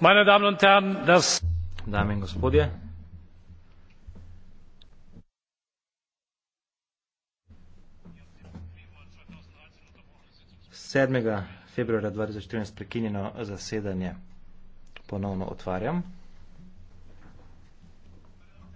meine damen und herren das prekinjeno zasedanje ponovno otvarjam.